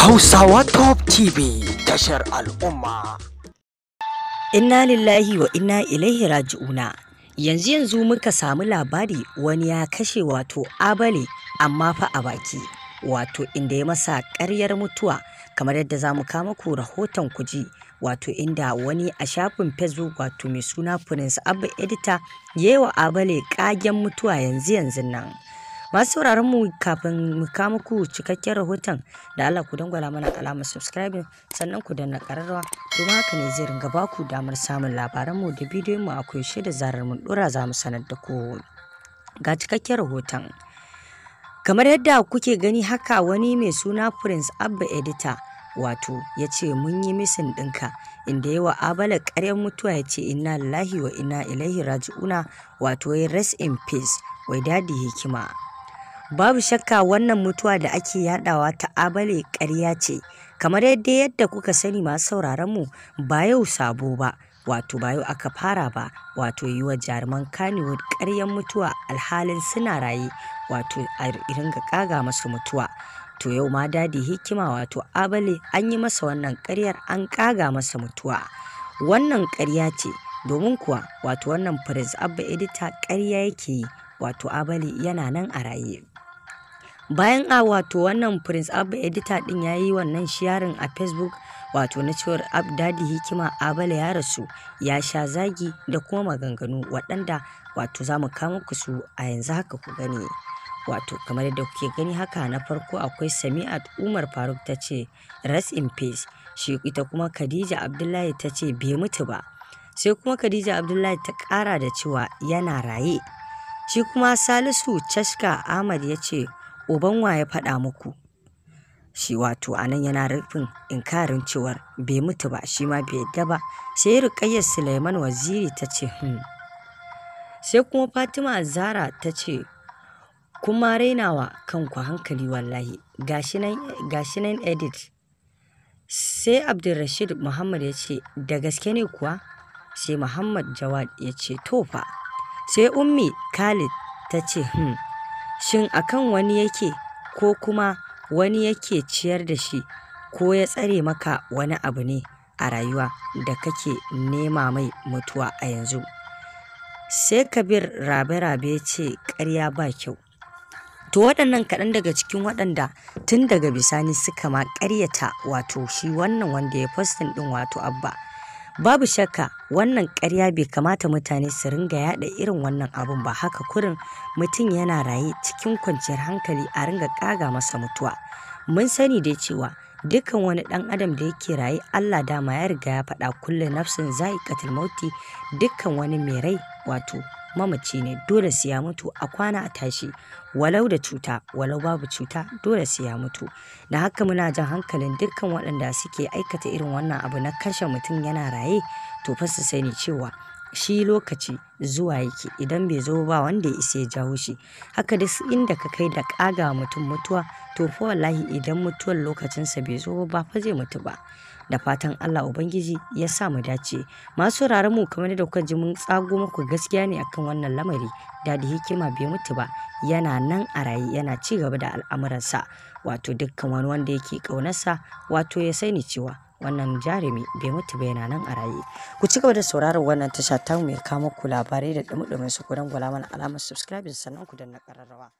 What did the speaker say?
Hausawa Top TV tashar al'umma. Inna lillahi wa inna ilaihi raji'una. Yanzu yanzu muka samu labari wani ya kashe wato abale amma fa a baki. Wato inda ya masa karyar mutuwa kamar yadda za mu kama ku rahoton kuji wato inda wani a shafin facebook wato mai suna prince abba edita wa abale kagen mutuwa yanzu yanzu nan. masu sauraron mu kafin mu kama muku cikakken rahoton da Allah ku dangwala mana alamar subscribing sannan ku danna kararrawa domin haka ne zai ringa baku damar samun labaran mu da bidiyon mu a koyaushe da zarar mun dora za mu sanar da ku ga cikakken rahoton kamar yadda kuke gani haka wani mai suna prince abba editor wato ya ce mun yi misin ɗinka inda yawa abala ƙaryar mutuwa ya ce inna lillahi wa inna ilaihi raji'una wato ya rest in peace wai dadi hikima babu shakka wannan mutuwa da ake yadawa ta abale ƙarya ce kamar yadda yadda kuka sani masu sauraron mu ba yau sabo ba wato ba yau aka fara ba wato yi wa jaruman kanewood ƙaryan mutuwa alhalin suna raye wato a ga ƙaga masu mutuwa to yau ma dadi hikima wato abale an yi masa wannan ƙaryar an ƙaga masa mutuwa wannan ƙarya ce domin kuwa wato wannan prince abba edita ƙarya yake yi wato abale yana nan a raye bayan a ah, wato wannan prince abu edita din ya yi wannan sharing a facebook wato na cewar abdadi hikima abale ya rasu ya sha zagi da kuma maganganu waɗanda wato za mu kama ku su a yanzu haka ku gani wato kamar yadda kuke gani haka na farko akwai sami'at umar faruk ta ce rest in peace shi ita kuma khadija abdullahi ta ce bai mutu ba sai kuma khadija abdullahi ta kara da cewa yana raye shi kuma salisu cashka ahmad ya ce uban wa ya faɗa muku shi wato anan yana rufin inkarin cewar bai mutu ba shi ma bai yadda ba sai ruƙayyar suleiman waziri ta ce hmm. sai kuma fatima zara ta ce kuma rainawa kanku hankali wallahi gashi nan edit sai abdulrashid muhammad ya ce da gaske ne kuwa sai muhammad jawad ya ce tofa sai ummi khalid ta ce hmm shin akan wani yake ko kuma wani yake ciyar da shi ko ya tsare maka wani abu ne a rayuwa da kake nema mai mutuwa a yanzu sai kabir rabe-rabe ce karya ba kyau to waɗannan kaɗan daga cikin waɗanda tun daga bisani suka ma karyata wato shi wannan wanda ya fostin ɗin wato abba babu shakka wannan karya bai kamata mutane su ringa yaɗa irin wannan abun ba haka kurin mutum yana raye cikin kwanciyar hankali a ringa ƙaga masa mutuwa mun sani dai cewa dukkan wani ɗan adam da yake raye allah dama ya riga ya faɗa kulle nafsin za'i katil mauti dukkan wani mai rai wato mamaci ne dole sai ya mutu a kwana a tashi walau da cuta walau babu cuta dole sai ya mutu da haka muna jan hankalin dukkan waɗanda suke aikata irin wannan abu na kashe mutum yana raye to fa su sani cewa shi lokaci zuwa yake idan bai zo ba wanda ya isa ya jawo shi haka duk inda ka kai da ƙaga mutum mutuwa to fa wallahi idan mutuwar lokacinsa bai zo ba fa zai mutu ba da fatan Allah ubangiji ya sa mu dace masu rarar mu kamar da kuka ji mun tsago muku gaskiya ne akan wannan lamari dadi hikima bai mutu ba yana nan a raye yana ci gaba da al'amuransa wato dukkan wani wanda yake ƙaunarsa wato ya sani cewa wannan jarumi bai mutu ba yana nan a raye ku ci gaba da sauraron wannan tasha ta ya kama ku labarai da dumi-dumi su ku dangwala mana alamar subscribe sannan ku danna kararrawa